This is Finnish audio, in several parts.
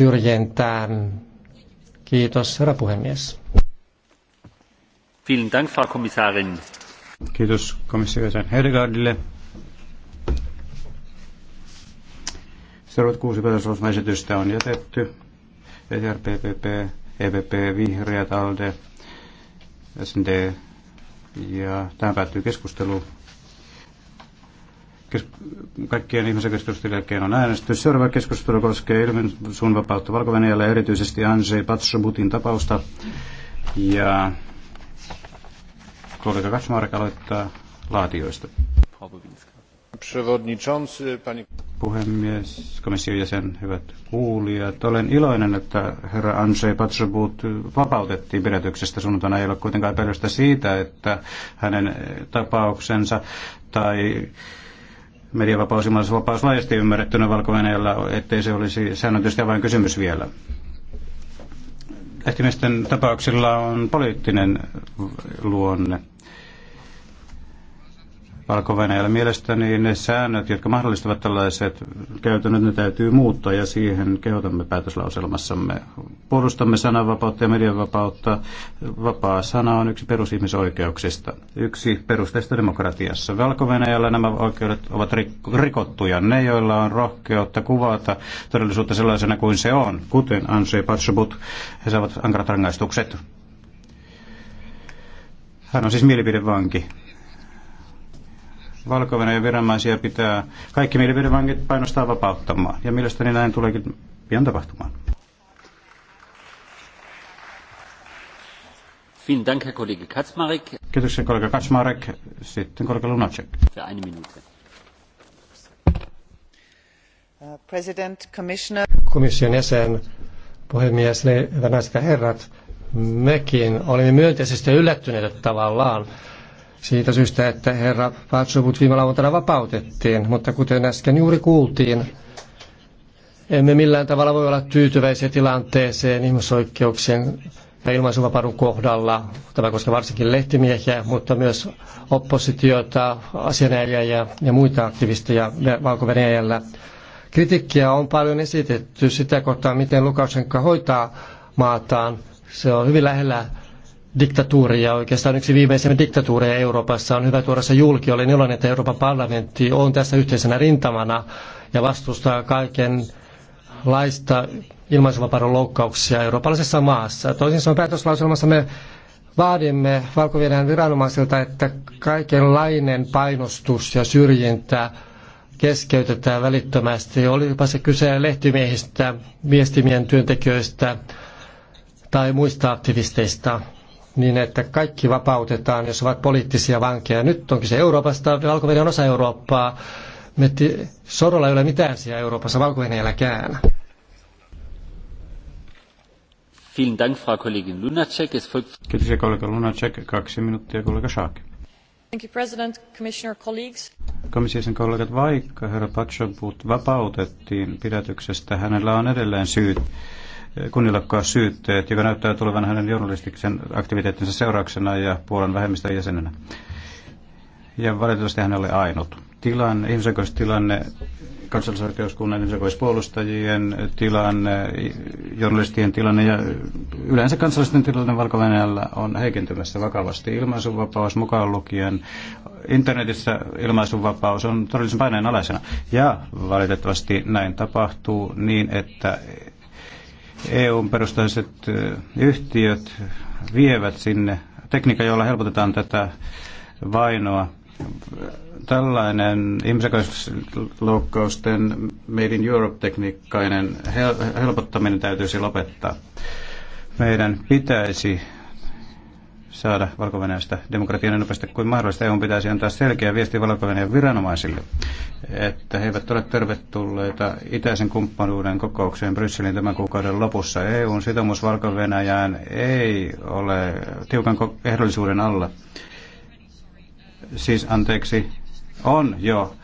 syrjintään. Kiitos, herra puhemies. Dank, Frau Kiitos komissiojäsen Hergaardille. Seuraavat kuusi päätösosmaesitystä on jätetty. ECR, EPP, e Vihreät, ALDE, SND. Ja tähän päättyy keskustelu kes- kaikkien ihmisen keskustelun jälkeen on äänestys. Seuraava keskustelu koskee ilmen suun vapautta valko erityisesti Andrzej Patshubutin tapausta. Ja kollega Kaczmarek aloittaa laatioista. Puhemies, komission jäsen, hyvät kuulijat. Olen iloinen, että herra Andrzej Patsubut vapautettiin pidätyksestä sunnuntaina. Ei ole kuitenkaan pelkästään siitä, että hänen tapauksensa tai mediavapaus ja vapaus laajasti ymmärrettynä valko ettei se olisi säännöllisesti vain kysymys vielä. Lehtimiesten tapauksilla on poliittinen luonne valko -Venäjällä. Mielestäni ne säännöt, jotka mahdollistavat tällaiset käytännöt, ne täytyy muuttaa ja siihen kehotamme päätöslauselmassamme. Puolustamme sananvapautta ja medianvapautta. Vapaa sana on yksi perusihmisoikeuksista, yksi perusteista demokratiassa. valko nämä oikeudet ovat rikottuja. Ne, joilla on rohkeutta kuvata todellisuutta sellaisena kuin se on, kuten Ansei Patsubut, he saavat ankarat rangaistukset. Hän on siis mielipidevanki valko viranomaisia pitää kaikki mielipidevangit painostaa vapauttamaan. Ja mielestäni näin tuleekin pian tapahtumaan. Vielen Dank, Herr Kollege Kiitoksia, kollega Kaczmarek. Sitten kollega Lunacek. Für eine Minute. Uh, President, Commissioner. Komission jäsen, puhemies, hyvät naiset ja herrat, mekin olimme myönteisesti yllättyneitä tavallaan siitä syystä, että herra Patsovut viime lauantaina vapautettiin. Mutta kuten äsken juuri kuultiin, emme millään tavalla voi olla tyytyväisiä tilanteeseen ihmisoikeuksien ja ilmaisuvapauden kohdalla. Tämä koskee varsinkin lehtimiehiä, mutta myös oppositiota, asianajajia ja muita aktivisteja valko -Venäjällä. Kritiikkiä on paljon esitetty sitä kohtaa, miten Lukashenka hoitaa maataan. Se on hyvin lähellä diktatuuria, oikeastaan yksi viimeisimmin diktatuureja Euroopassa. On hyvä tuoda se julki. Olen iloinen, että Euroopan parlamentti on tässä yhteisenä rintamana ja vastustaa kaikenlaista ilmaisuvapauden loukkauksia eurooppalaisessa maassa. Toisin sanoen päätöslauselmassa me vaadimme valko viranomaisilta, että kaikenlainen painostus ja syrjintä keskeytetään välittömästi. Olipa se kyse lehtimiehistä, viestimien työntekijöistä tai muista aktivisteista niin että kaikki vapautetaan, jos ovat poliittisia vankeja. Nyt onkin se Euroopasta, valko on osa Eurooppaa. Metti, Sorolla ei ole mitään siellä Euroopassa, valko Vielen Dank, Frau Kollegin Lunacek. Es folgt... Kiitos, kollega Lunacek. Kaksi minuuttia, kollega Schaak. Thank you, President, Commissioner, colleagues. Komission kollegat, vaikka herra Pachabut vapautettiin pidätyksestä, hänellä on edelleen syyt kunnilakkaa syytteet, joka näyttää tulevan hänen journalistiksen aktiviteettinsa seurauksena ja Puolan vähemmistön jäsenenä. Ja valitettavasti hän oli ainut. Tilanne, ihmisoikeustilanne, kansallisoikeuskunnan ihmisoikeuspuolustajien tilanne, journalistien tilanne ja yleensä kansallisten tilanne valko on heikentymässä vakavasti. Ilmaisuvapaus mukaan lukien internetissä ilmaisuvapaus on todellisen paineen alaisena. Ja valitettavasti näin tapahtuu niin, että eu perustaiset yhtiöt vievät sinne tekniikan, jolla helpotetaan tätä vainoa. Tällainen ihmisoikeusloukkausten Made in Europe-tekniikkainen helpottaminen täytyisi lopettaa. Meidän pitäisi saada valko demokratian niin nopeasti kuin mahdollista. EU pitäisi antaa selkeä viesti valko viranomaisille, että he eivät ole tervetulleita itäisen kumppanuuden kokoukseen Brysselin tämän kuukauden lopussa. EUn sitoumus valko ei ole tiukan ehdollisuuden alla. Siis anteeksi, on jo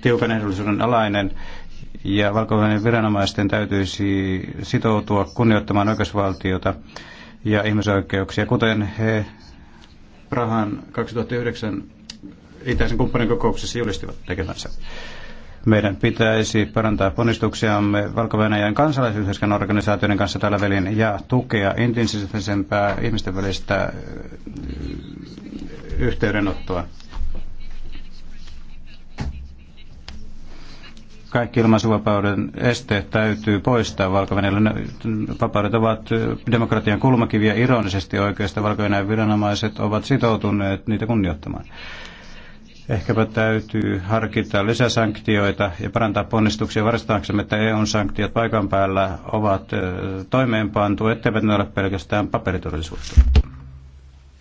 tiukan ehdollisuuden alainen ja valko viranomaisten täytyisi sitoutua kunnioittamaan oikeusvaltiota ja ihmisoikeuksia, kuten he Prahan 2009 itäisen kumppanin kokouksessa julistivat tekemänsä. Meidän pitäisi parantaa ponnistuksiamme valko kansalaisyhteiskunnan organisaatioiden kanssa tällä välin ja tukea intensiivisempää ihmisten välistä yhteydenottoa. kaikki ilmaisuvapauden esteet täytyy poistaa valko Vapaudet ovat demokratian kulmakiviä ironisesti oikeasta valko viranomaiset ovat sitoutuneet niitä kunnioittamaan. Ehkäpä täytyy harkita lisäsanktioita ja parantaa ponnistuksia varastaaksemme, että eu sanktiot paikan päällä ovat toimeenpantu, etteivät ne ole pelkästään paperiturvallisuutta.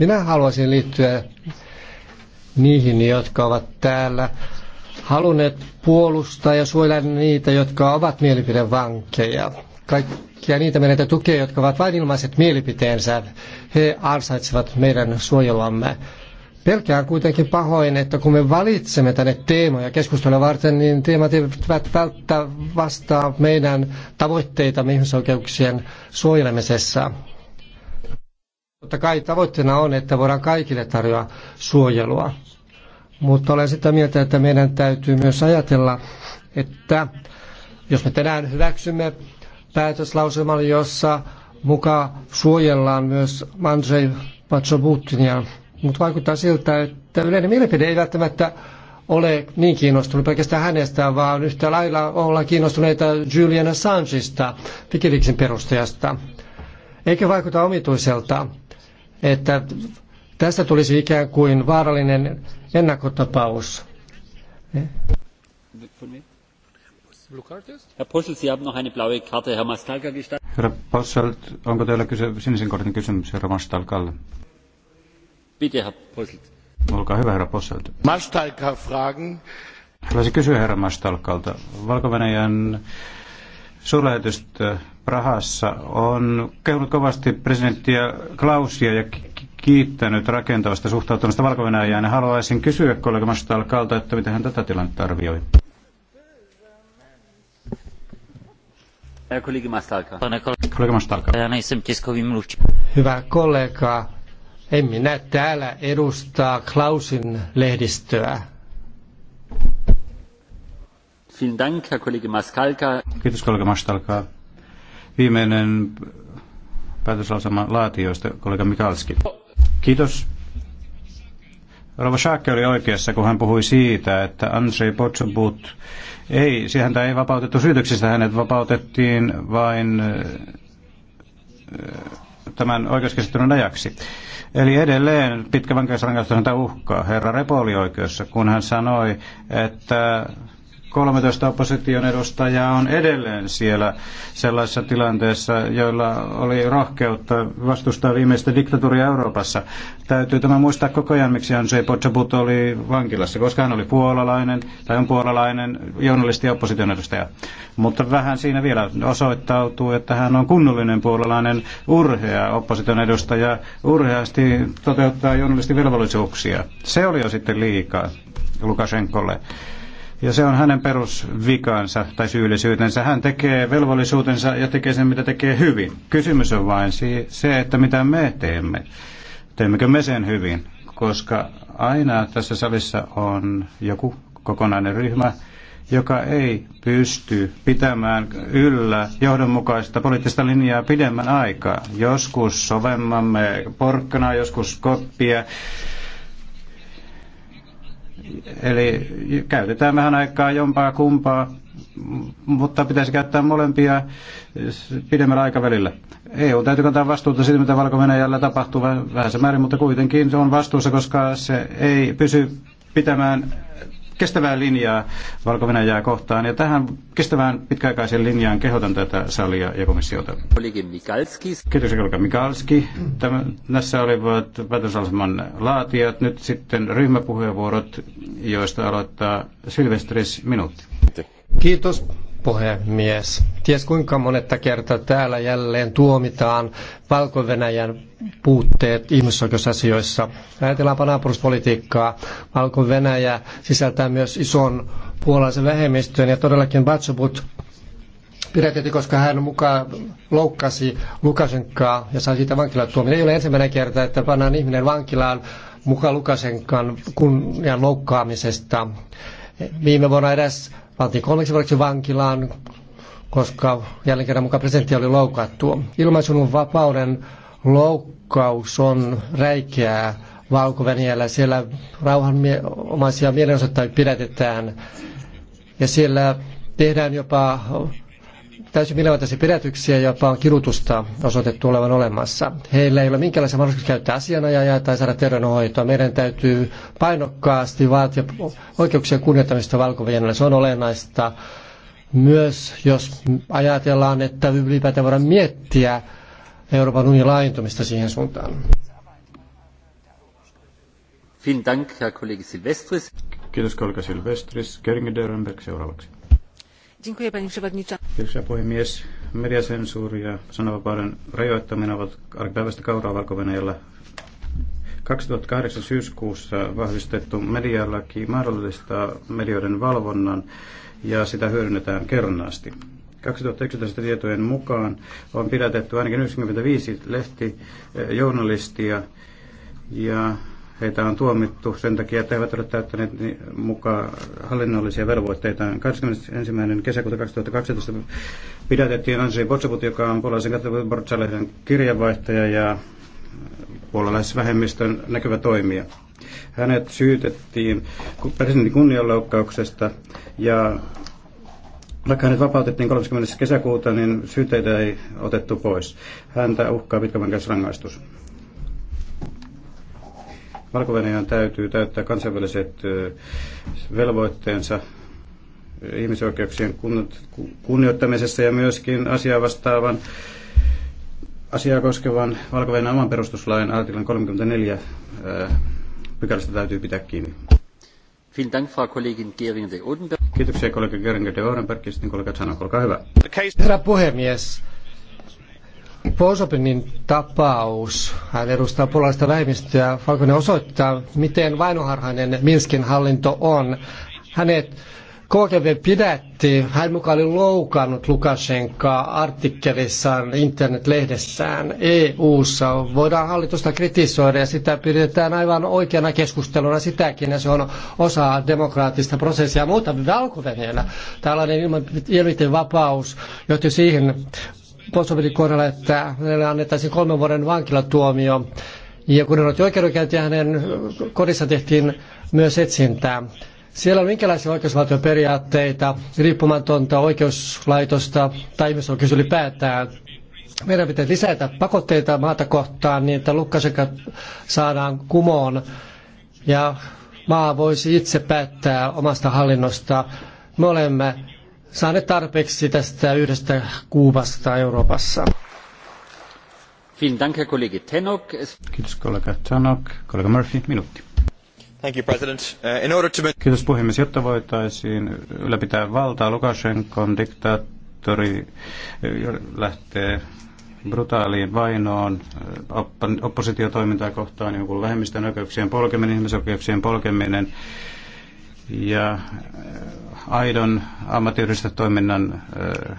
minä haluaisin liittyä niihin, jotka ovat täällä halunneet puolustaa ja suojella niitä, jotka ovat mielipidevankeja. Kaikkia niitä meidän tukea, jotka ovat vain ilmaiset mielipiteensä. He ansaitsevat meidän suojelamme. Pelkään kuitenkin pahoin, että kun me valitsemme tänne teemoja keskustelua varten, niin teemat eivät välttämättä vastaa meidän tavoitteita ihmisoikeuksien suojelemisessa. Totta kai tavoitteena on, että voidaan kaikille tarjoa suojelua. Mutta olen sitä mieltä, että meidän täytyy myös ajatella, että jos me tänään hyväksymme päätöslauselman, jossa muka suojellaan myös Andrzej Pachobutinia, mutta vaikuttaa siltä, että yleinen mielipide ei välttämättä ole niin kiinnostunut pelkästään hänestä, vaan yhtä lailla ollaan kiinnostuneita Julian Assangeista, Wikileaksin perustajasta. Eikä vaikuta omituiselta, että tästä tulisi ikään kuin vaarallinen ennakkotapaus. Herra Posselt, onko teillä kyse, sinisen kortin kysymys herra Mastalkalle? Olkaa hyvä, herra Posselt. Mastalka fragen. Haluaisin kysyä herra Mastalkalta. valko suurlähetystä Prahassa on kehunut kovasti presidenttiä Klausia ja kiittänyt rakentavasta suhtautumista valko -Venäjään. Haluaisin kysyä kollega Mastalkalta, että miten hän tätä tilannetta arvioi. Hyvä kollega, en minä täällä edustaa Klausin lehdistöä. Kiitos kollega Mastalka. Viimeinen päätöslauselman laatijoista, kollega Mikalski. Kiitos. Rova Schaake oli oikeassa, kun hän puhui siitä, että Andrzej Potsobut ei, siihen ei vapautettu syytöksistä, hänet vapautettiin vain tämän oikeuskäsittelyn ajaksi. Eli edelleen pitkä vankeusrangaistus häntä uhkaa. Herra Repo oli oikeassa, kun hän sanoi, että 13 opposition edustajaa on edelleen siellä sellaisessa tilanteessa, joilla oli rohkeutta vastustaa viimeistä diktatuuria Euroopassa. Täytyy tämä muistaa koko ajan, miksi Andrzej Potsabut oli vankilassa, koska hän oli puolalainen, tai on puolalainen journalisti ja opposition edustaja. Mutta vähän siinä vielä osoittautuu, että hän on kunnollinen puolalainen urhea opposition edustaja, urheasti toteuttaa velvollisuuksia. Se oli jo sitten liikaa Lukashenkolle. Ja se on hänen perusvikansa tai syyllisyytensä. Hän tekee velvollisuutensa ja tekee sen, mitä tekee hyvin. Kysymys on vain se, että mitä me teemme. Teemmekö me sen hyvin? Koska aina tässä salissa on joku kokonainen ryhmä, joka ei pysty pitämään yllä johdonmukaista poliittista linjaa pidemmän aikaa. Joskus sovemmamme porkkana, joskus koppia, Eli käytetään vähän aikaa jompaa kumpaa, mutta pitäisi käyttää molempia pidemmällä aikavälillä. EU täytyy kantaa vastuuta siitä, mitä valko tapahtuu vähän se määrin, mutta kuitenkin se on vastuussa, koska se ei pysy pitämään kestävää linjaa valko kohtaan. Ja tähän kestävään pitkäaikaisen linjaan kehotan tätä salia ja komissiota. Kiitos kollega Mikalski. Tämä, tässä olivat päätösalaisemman laatijat. Nyt sitten ryhmäpuheenvuorot, joista aloittaa Silvestris minuutti. Kiitos puhemies. Ties kuinka monetta kertaa täällä jälleen tuomitaan valko puutteet ihmisoikeusasioissa. Ajatellaanpa naapuruspolitiikkaa. Valko-Venäjä sisältää myös ison puolalaisen vähemmistön ja todellakin Batsubut pidätettiin, koska hän mukaan loukkasi Lukashenkaa ja sai siitä vankilatuomion. Ei ole ensimmäinen kerta, että pannaan ihminen vankilaan mukaan Lukashenkan kunnian loukkaamisesta. Viime vuonna edes Pantiin kolmeksi vuodeksi vankilaan, koska jälleen kerran mukaan presidentti oli loukattu. Ilmaisun vapauden loukkaus on räikeää valko -Venäjällä. Siellä rauhanomaisia mielenosoittajia pidätetään ja siellä tehdään jopa täysin mielivaltaisia pidätyksiä ja jopa kidutusta osoitettu olevan olemassa. Heillä ei ole minkäänlaisia mahdollisuuksia käyttää asianajajaa tai saada terveydenhoitoa. Meidän täytyy painokkaasti vaatia oikeuksien kunnioittamista valko -Venäjällä. Se on olennaista myös, jos ajatellaan, että ylipäätään voidaan miettiä Euroopan unionin laajentumista siihen suuntaan. Kiitos kollega Silvestris. Keringer seuraavaksi. Dziękuję, panie przewodniczący Kiitoksia puhemies. Mediasensuuri ja sananvapauden rajoittaminen ovat arkipäiväistä kauraa valko 2008 syyskuussa vahvistettu medialaki mahdollistaa medioiden valvonnan ja sitä hyödynnetään kernaasti. 2011 tietojen mukaan on pidätetty ainakin 95 lehtijournalistia ja Heitä on tuomittu sen takia, että he eivät ole täyttäneet mukaan hallinnollisia velvoitteita. 21. kesäkuuta 2012 pidätettiin Ansi Botsaput, joka on puolalaisen katsomusportsalehden kirjanvaihtaja ja puolalaisvähemmistön näkyvä toimija. Hänet syytettiin presidentin kunnianloukkauksesta ja vaikka hänet vapautettiin 30. kesäkuuta, niin syyteitä ei otettu pois. Häntä uhkaa rangaistus valko täytyy täyttää kansainväliset velvoitteensa ihmisoikeuksien kunnioittamisessa ja myöskin asiaa vastaavan asiaa koskevan valko oman perustuslain artiklan 34 pykälästä täytyy pitää kiinni. Kiitoksia kollega Göringer de ja sitten kollega Chanak, olkaa hyvä. Herra puhemies, Poosopinin tapaus, hän edustaa puolalaista vähemmistöä, Falkonen osoittaa, miten vainoharhainen Minskin hallinto on. Hänet KGB pidätti, hän mukaan oli loukannut Lukashenkaa artikkelissaan internetlehdessään EU-ssa. Voidaan hallitusta kritisoida ja sitä pidetään aivan oikeana keskusteluna sitäkin ja se on osa demokraattista prosessia. Mutta valko tällainen ilmiten vapaus johti siihen Kosovitin kohdalla, että hänelle annettaisiin kolmen vuoden vankilatuomio. Ja kun hän otti oikeudenkäyntiä, hänen kodissa tehtiin myös etsintää. Siellä on minkälaisia oikeusvaltioperiaatteita, riippumatonta oikeuslaitosta tai ihmisoikeus ylipäätään. Meidän pitää lisätä pakotteita maata kohtaan niin, että Lukashenka saadaan kumoon ja maa voisi itse päättää omasta hallinnosta. Me olemme saaneet tarpeeksi tästä yhdestä Kuubasta Euroopassa. Kiitos kollega Tanok. Kollega Murphy, minuutti. Thank you, President. Uh, in order to... Kiitos puhemies. Jotta voitaisiin ylläpitää valtaa, Lukashenkon diktaattori eh, lähtee brutaaliin vainoon, eh, oppositiotoimintaa kohtaan, jonkun niin vähemmistön oikeuksien polkeminen, ihmisoikeuksien polkeminen, ja äh, aidon ammattiyhdistön toiminnan äh,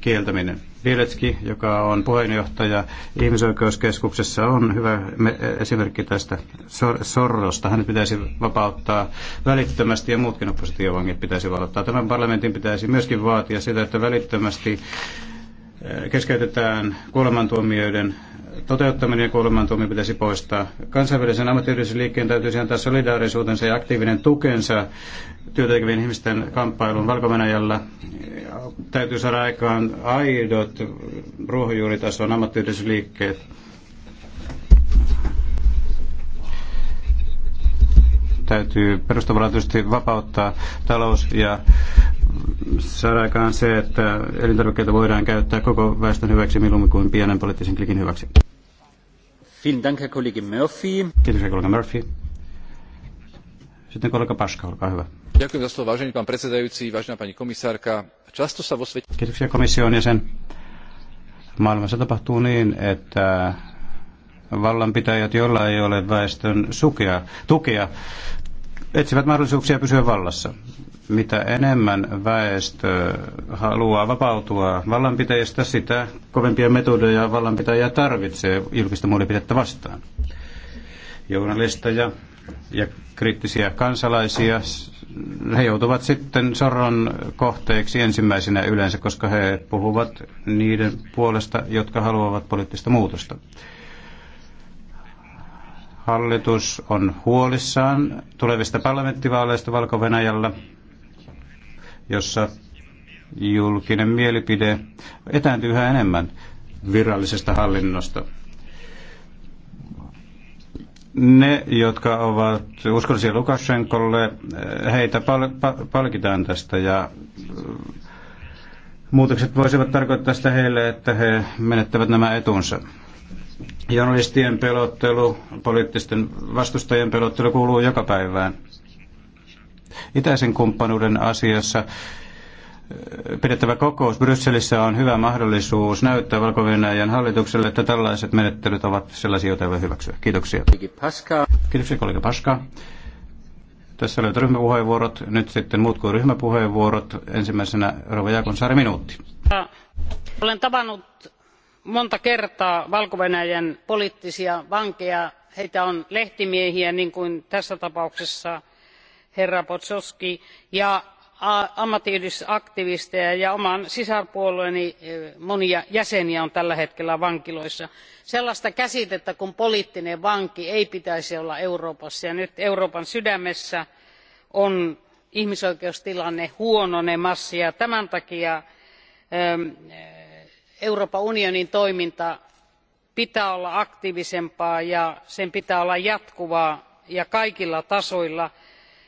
kieltäminen. Viretski, joka on puheenjohtaja ihmisoikeuskeskuksessa, on hyvä esimerkki tästä sor- sorrosta. Hänet pitäisi vapauttaa välittömästi ja muutkin oppositiovangit pitäisi vapauttaa. Tämän parlamentin pitäisi myöskin vaatia sitä, että välittömästi keskeytetään kuolemantuomioiden toteuttaminen ja kuolemantuomio pitäisi poistaa. Kansainvälisen ammattiyhdistysliikkeen täytyisi antaa solidaarisuutensa ja aktiivinen tukensa työtekevien ihmisten kamppailun valko -Venäjällä. Täytyy saada aikaan aidot ruohonjuuritason ammattiyhdistysliikkeet. Täytyy perustavanlaatuisesti vapauttaa talous- ja saada aikaan se, että elintarvikkeita voidaan käyttää koko väestön hyväksi milloin kuin pienen poliittisen klikin hyväksi. Dank, Herr Kollege Murphy. Kiitos, kollega Murphy. Sitten kollega Paska, olkaa hyvä. Ďakujem za slovo, vážený pán predsedajúci, vážená pani komisárka. Často sa vo svete... Kiitoksia komission jäsen. Maailmassa tapahtuu niin, että vallanpitäjät, joilla ei ole väestön sukea, tukea, etsivät mahdollisuuksia pysyä vallassa. Mitä enemmän väestö haluaa vapautua vallanpitäjistä, sitä kovempia metodeja vallanpitäjä tarvitsee julkista mielipidettä vastaan. Journalisteja ja kriittisiä kansalaisia, he joutuvat sitten sorron kohteeksi ensimmäisenä yleensä, koska he puhuvat niiden puolesta, jotka haluavat poliittista muutosta hallitus on huolissaan tulevista parlamenttivaaleista valko -Venäjällä jossa julkinen mielipide etääntyy yhä enemmän virallisesta hallinnosta. Ne, jotka ovat uskollisia Lukashenkolle, heitä pal- pa- palkitaan tästä ja äh, muutokset voisivat tarkoittaa sitä heille, että he menettävät nämä etunsa. Journalistien pelottelu, poliittisten vastustajien pelottelu kuuluu joka päivään. Itäisen kumppanuuden asiassa äh, pidettävä kokous Brysselissä on hyvä mahdollisuus näyttää valko hallitukselle, että tällaiset menettelyt ovat sellaisia, joita ei voi hyväksyä. Kiitoksia. Kiitoksia kollega Paska. Tässä olivat ryhmäpuheenvuorot. Nyt sitten muut kuin ryhmäpuheenvuorot. Ensimmäisenä Rova Jaakonsaari minuutti. Olen tavannut monta kertaa valko poliittisia vankeja. Heitä on lehtimiehiä, niin kuin tässä tapauksessa herra Potsosky ja ammattiyhdistysaktivisteja ja oman sisarpuolueeni e, monia jäseniä on tällä hetkellä vankiloissa. sellaista käsitettä kuin poliittinen vanki ei pitäisi olla euroopassa ja nyt euroopan sydämessä on ihmisoikeustilanne huononemassa ja tämän takia e, euroopan unionin toiminta pitää olla aktiivisempaa ja sen pitää olla jatkuvaa ja kaikilla tasoilla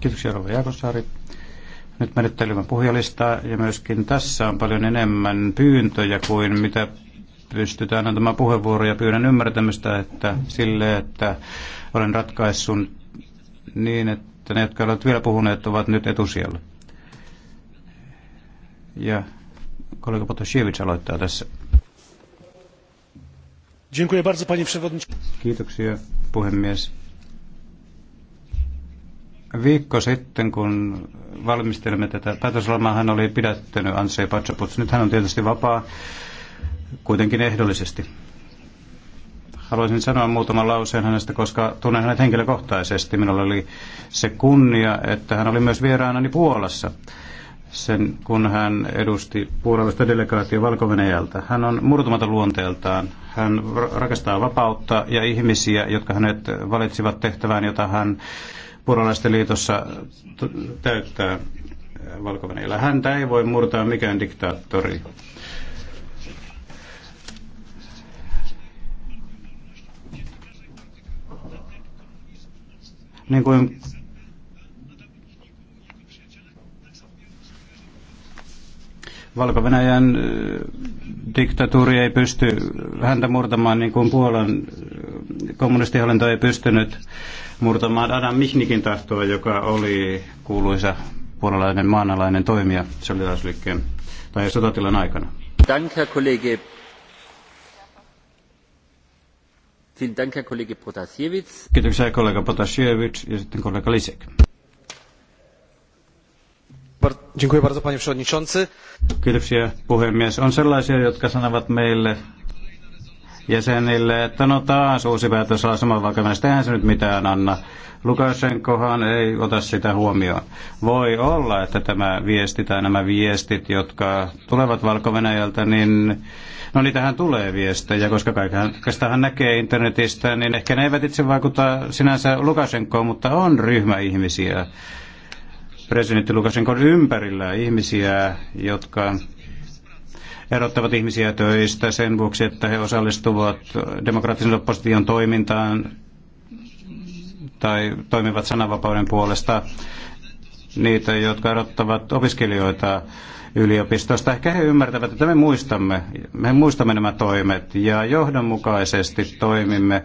Kiitoksia, Rova Jaakonsaari. Nyt menettelymä puhujalistaa ja myöskin tässä on paljon enemmän pyyntöjä kuin mitä pystytään antamaan puheenvuoroja. Pyydän ymmärtämystä että sille, että olen ratkaissut niin, että ne, jotka ovat vielä puhuneet, ovat nyt etusijalla. Ja kollega Potosiewicz aloittaa tässä. Kiitoksia, puhemies Viikko sitten, kun valmistelimme tätä päätöslomaa, hän oli pidättänyt Ansei Patsaputs. Nyt hän on tietysti vapaa, kuitenkin ehdollisesti. Haluaisin sanoa muutaman lauseen hänestä, koska tunnen hänet henkilökohtaisesti. Minulla oli se kunnia, että hän oli myös vieraanani Puolassa sen, kun hän edusti puolalaista delegaatio valko -Venäjältä. Hän on murtumata luonteeltaan. Hän rakastaa vapautta ja ihmisiä, jotka hänet valitsivat tehtävään, jota hän puolalaisten liitossa täyttää valko -Venäjällä. Häntä ei voi murtaa mikään diktaattori. Niin kuin valko diktatuuri ei pysty häntä murtamaan niin kuin Puolan kommunistihallinto ei pystynyt murtamaan Adam Michnikin tahtoa, joka oli kuuluisa puolalainen maanalainen toimija solidaarisuusliikkeen tai sotatilan aikana. Dank, Herr Kollege. Dank, Herr Kollege Protasiewicz. Kiitoksia kollega Potasiewicz ja sitten kollega Lisek. Dziękuję bardzo panie przewodniczący. Kiitoksia puhemies. On sellaisia, jotka sanovat meille, jäsenille, että no taas uusi päätöslausuma, vaikka näistä eihän se nyt mitään anna. Lukashenkohan ei ota sitä huomioon. Voi olla, että tämä viesti tai nämä viestit, jotka tulevat valko niin no niitähän tulee viestejä, koska kaikestahan näkee internetistä, niin ehkä ne eivät itse vaikuta sinänsä Lukashenkoon, mutta on ryhmä ihmisiä presidentti Lukashenkon ympärillä ihmisiä, jotka erottavat ihmisiä töistä sen vuoksi, että he osallistuvat demokraattisen opposition toimintaan tai toimivat sananvapauden puolesta. Niitä, jotka erottavat opiskelijoita yliopistosta. Ehkä he ymmärtävät, että me muistamme, me muistamme nämä toimet ja johdonmukaisesti toimimme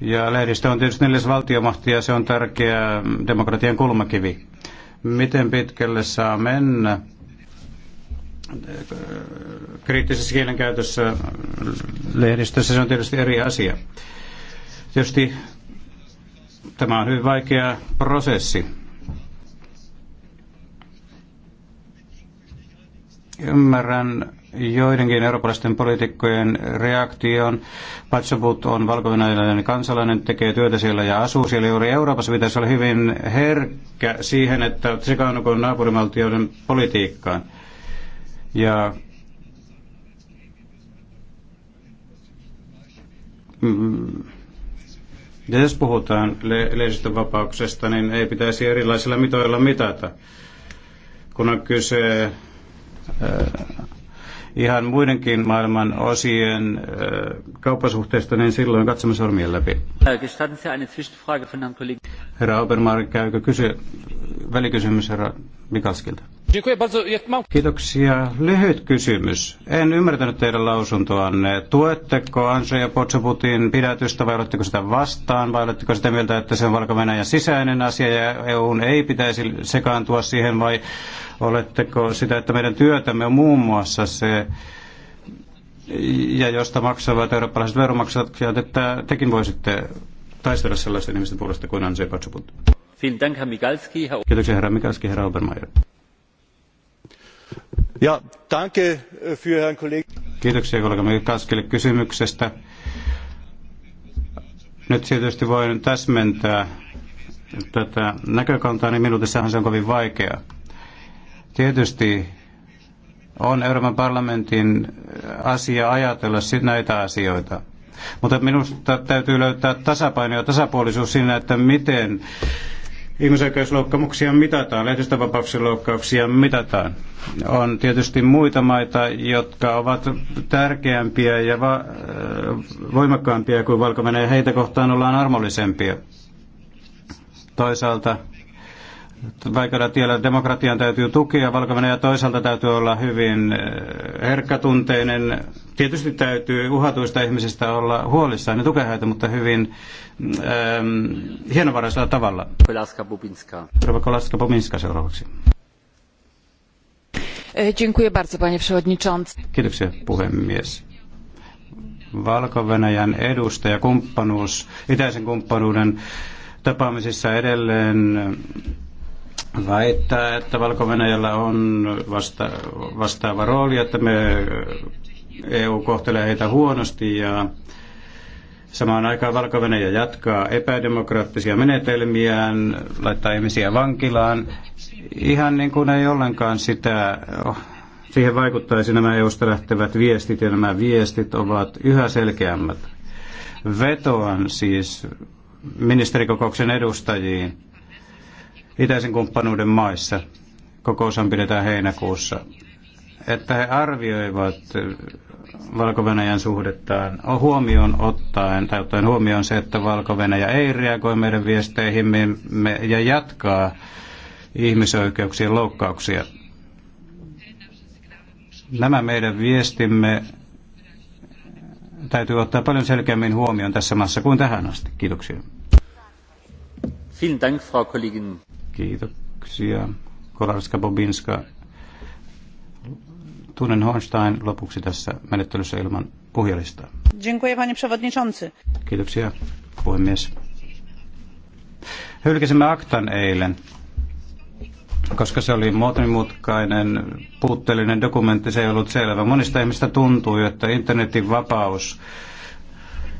ja lehdistö on tietysti neljäs valtiomahti ja se on tärkeä demokratian kulmakivi. Miten pitkälle saa mennä? kriittisessä kielenkäytössä lehdistössä se on tietysti eri asia. Tietysti tämä on hyvin vaikea prosessi Ymmärrän joidenkin eurooppalaisten poliitikkojen reaktion. Patsobut on valko kansalainen, tekee työtä siellä ja asuu siellä. Juuri Euroopassa pitäisi olla hyvin herkkä siihen, että sekaannuko naapurimaltioiden politiikkaan. Ja mm, ja jos puhutaan le- vapauksesta, niin ei pitäisi erilaisilla mitoilla mitata. Kun on kyse ihan muidenkin maailman osien kauppasuhteista, niin silloin katsomme sormien läpi. Herra Obermaari, käykö kysy, välikysymys herra Mikalskilta. Kiitoksia. Lyhyt kysymys. En ymmärtänyt teidän lausuntoanne. Tuetteko ja Potsoputin pidätystä vai oletteko sitä vastaan vai oletteko sitä mieltä, että se on valko sisäinen asia ja EUn ei pitäisi sekaantua siihen vai oletteko sitä, että meidän työtämme on muun muassa se, ja josta maksavat eurooppalaiset veronmaksajat, että tekin voisitte taistella sellaisten ihmisten puolesta kuin ja Potsoputin? Kiitoksia danke äh, für Herrn Kollegen. Kiitoksia kollega Mikalskille kysymyksestä. Nyt tietysti voin täsmentää tätä näkökantaa, niin minuutissahan se on kovin vaikea. Tietysti on Euroopan parlamentin asia ajatella näitä asioita. Mutta minusta täytyy löytää tasapaino ja tasapuolisuus siinä, että miten ihmisoikeusloukkauksia mitataan, lehdistövapauksien loukkauksia mitataan. On tietysti muita maita, jotka ovat tärkeämpiä ja va- äh, voimakkaampia kuin valko ja Heitä kohtaan ollaan armollisempia. Toisaalta vaikealla tiellä demokratian täytyy tukea valko ja toisaalta täytyy olla hyvin eh, herkkätunteinen. Tietysti täytyy uhatuista ihmisistä olla huolissaan ja tukea heitä, mutta hyvin ähm, hienovaraisella tavalla. Kolaska Bubinska. Rova Kolaska Bubinska seuraavaksi. E, dziękuję bardzo, panie przewodniczący. Kiitoksia, puhemies. Valko-Venäjän edustaja, kumppanuus, itäisen kumppanuuden tapaamisissa edelleen väittää, että valko on vasta, vastaava rooli, että me EU kohtelee heitä huonosti ja samaan aikaan valko jatkaa epädemokraattisia menetelmiään, laittaa ihmisiä vankilaan. Ihan niin kuin ei ollenkaan sitä, oh, siihen vaikuttaisi nämä EUsta lähtevät viestit ja nämä viestit ovat yhä selkeämmät. Vetoan siis ministerikokouksen edustajiin itäisen kumppanuuden maissa, kokoushan pidetään heinäkuussa, että he arvioivat valko suhdettaan huomioon ottaen, tai ottaen huomioon se, että valko ei reagoi meidän viesteihimme ja jatkaa ihmisoikeuksien loukkauksia. Nämä meidän viestimme täytyy ottaa paljon selkeämmin huomioon tässä maassa kuin tähän asti. Kiitoksia. Vielen Dank, Frau Kollegin. Kiitoksia. Kolarska Bobinska. Tunnen Hornstein lopuksi tässä menettelyssä ilman puhujalistaa. Kiitoksia, puhemies. Hylkäsimme aktan eilen, koska se oli muotonimutkainen, puutteellinen dokumentti, se ei ollut selvä. Monista ihmistä tuntuu, että internetin vapaus,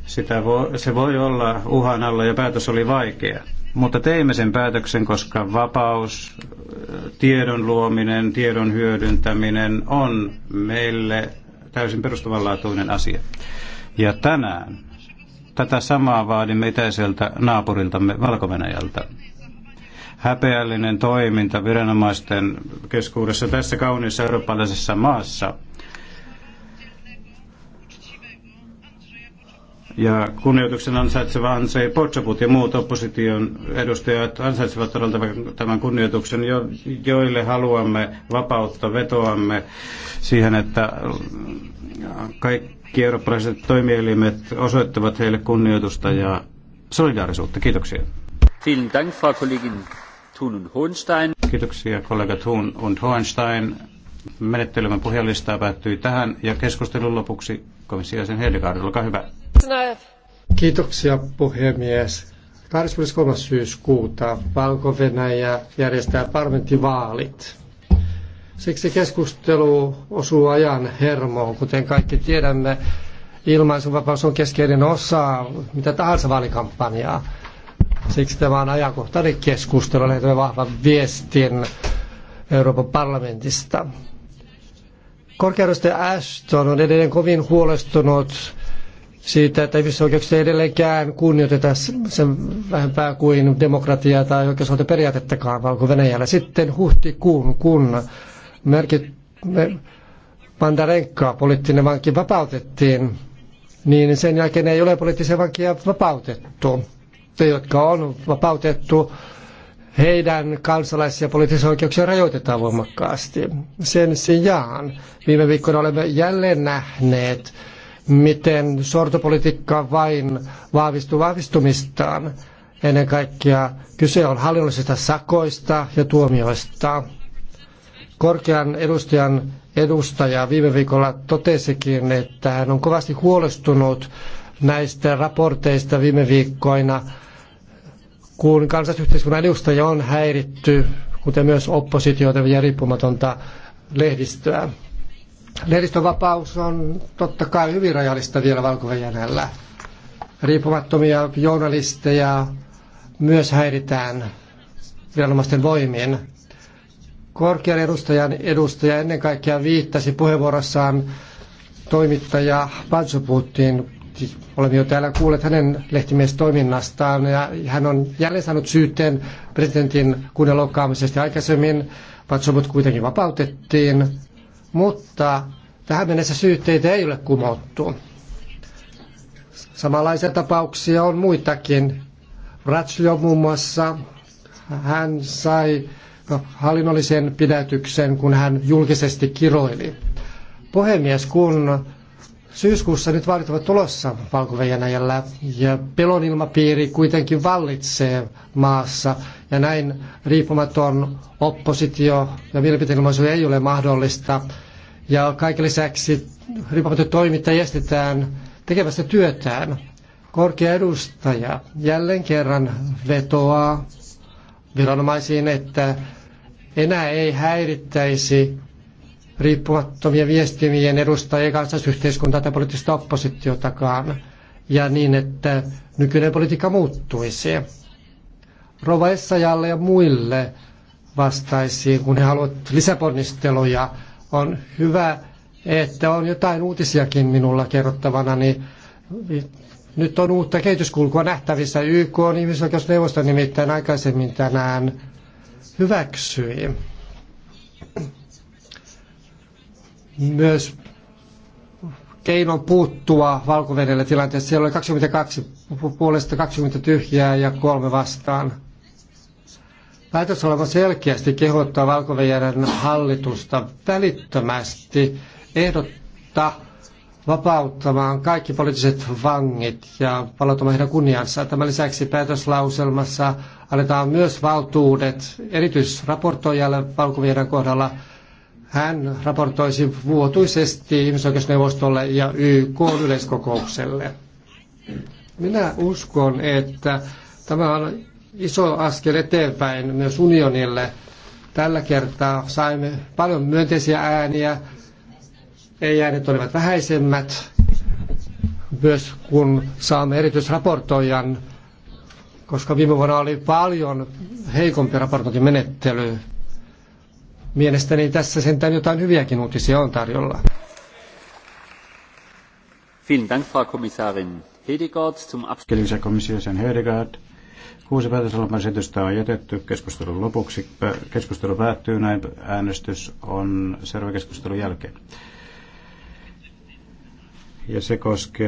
sitä vo, se voi olla uhan alla ja päätös oli vaikea. Mutta teimme sen päätöksen, koska vapaus, tiedon luominen, tiedon hyödyntäminen on meille täysin perustavanlaatuinen asia. Ja tänään tätä samaa vaadimme itäiseltä naapuriltamme valko -Venäjältä. Häpeällinen toiminta viranomaisten keskuudessa tässä kauniissa eurooppalaisessa maassa – Ja kunnioituksen ansaitseva Ansei Potsaput ja muut opposition edustajat ansaitsevat todella tämän kunnioituksen, jo, joille haluamme vapautta, vetoamme siihen, että kaikki eurooppalaiset toimielimet osoittavat heille kunnioitusta ja solidaarisuutta. Kiitoksia. Vielen Dank, Frau Kollegin Thun und Hohenstein. Kiitoksia kollega Thun und Hohenstein. Menettelymän puheenlistaa päättyi tähän ja keskustelun lopuksi komission jäsen Hedegaard, olkaa hyvä. Kiitoksia puhemies. 23. syyskuuta Valko-Venäjä järjestää parlamenttivaalit. Siksi keskustelu osuu ajan hermoon. Kuten kaikki tiedämme, ilmaisunvapaus on keskeinen osa mitä tahansa vaalikampanjaa. Siksi tämä on ajankohtainen keskustelu. Lähetämme vahvan viestin Euroopan parlamentista. Korkeudustaja Ashton on edelleen kovin huolestunut siitä, että ihmisoikeuksia ei edelleenkään kunnioiteta sen vähempää kuin demokratiaa tai oikeusvaltioperiaatettakaan Valko-Venäjällä. Sitten huhtikuun, kun merkit, me, Mandarenka, poliittinen vanki, vapautettiin, niin sen jälkeen ei ole poliittisia vankia vapautettu. Te, jotka on vapautettu, heidän kansalaisia poliittisia oikeuksia rajoitetaan voimakkaasti. Sen sijaan viime viikkoina olemme jälleen nähneet miten sortopolitiikka vain vahvistuu vahvistumistaan. Ennen kaikkea kyse on hallinnollisista sakoista ja tuomioista. Korkean edustajan edustaja viime viikolla totesikin, että hän on kovasti huolestunut näistä raporteista viime viikkoina, kun kansallisyhteiskunnan edustaja on häiritty, kuten myös oppositiota ja riippumatonta lehdistöä. Lehdistönvapaus on totta kai hyvin rajallista vielä valko -Venäjällä. Riippumattomia journalisteja myös häiritään viranomaisten voimien. Korkean edustajan edustaja ennen kaikkea viittasi puheenvuorossaan toimittaja Patsoputin. Siis olemme jo täällä kuulleet hänen lehtimiestoiminnastaan ja hän on jälleen saanut syytteen presidentin kunnan loukkaamisesta. Aikaisemmin Patsomut kuitenkin vapautettiin mutta tähän mennessä syytteitä ei ole kumottu. Samanlaisia tapauksia on muitakin. Ratsio muun muassa, hän sai hallinnollisen pidätyksen, kun hän julkisesti kiroili. Puhemies, kun Syyskuussa nyt vaalit ovat tulossa valko ja pelon ilmapiiri kuitenkin vallitsee maassa ja näin riippumaton oppositio ja mielipiteenilmaisu ei ole mahdollista. Ja kaiken lisäksi riippumaton toimittaja estetään tekemästä työtään. Korkea edustaja jälleen kerran vetoaa viranomaisiin, että enää ei häirittäisi riippumattomien viestimien edustajia, kansallisyhteiskuntaa tai poliittista oppositiotakaan, ja niin, että nykyinen politiikka muuttuisi. Rova Essajalle ja muille vastaisiin, kun he haluavat lisäponnisteluja. On hyvä, että on jotain uutisiakin minulla kerrottavana, niin nyt on uutta kehityskulkua nähtävissä. YK on ihmisoikeusneuvosto nimittäin aikaisemmin tänään hyväksyi myös keinon puuttua valko tilanteessa. Siellä oli 22 puolesta 20 tyhjää ja kolme vastaan. Päätösolema selkeästi kehottaa valko hallitusta välittömästi ehdottaa vapauttamaan kaikki poliittiset vangit ja palauttamaan heidän kunniansa. Tämän lisäksi päätöslauselmassa annetaan myös valtuudet erityisraportoijalle valko kohdalla – hän raportoisi vuotuisesti ihmisoikeusneuvostolle ja YK yleiskokoukselle. Minä uskon, että tämä on iso askel eteenpäin myös unionille. Tällä kertaa saimme paljon myönteisiä ääniä. Ei äänet olivat vähäisemmät, myös kun saamme erityisraportoijan, koska viime vuonna oli paljon heikompi raportointimenettely Mielestäni tässä sentään jotain hyviäkin uutisia on tarjolla. Vielen Dank, Frau Kommissarin Hedegaard. Zum Abschluss. komission Hedegaard. Kuusi päätöslauselmaesitystä on jätetty keskustelun lopuksi. Keskustelu päättyy näin. Äänestys on seuraavan keskustelun jälkeen. Ja se koskee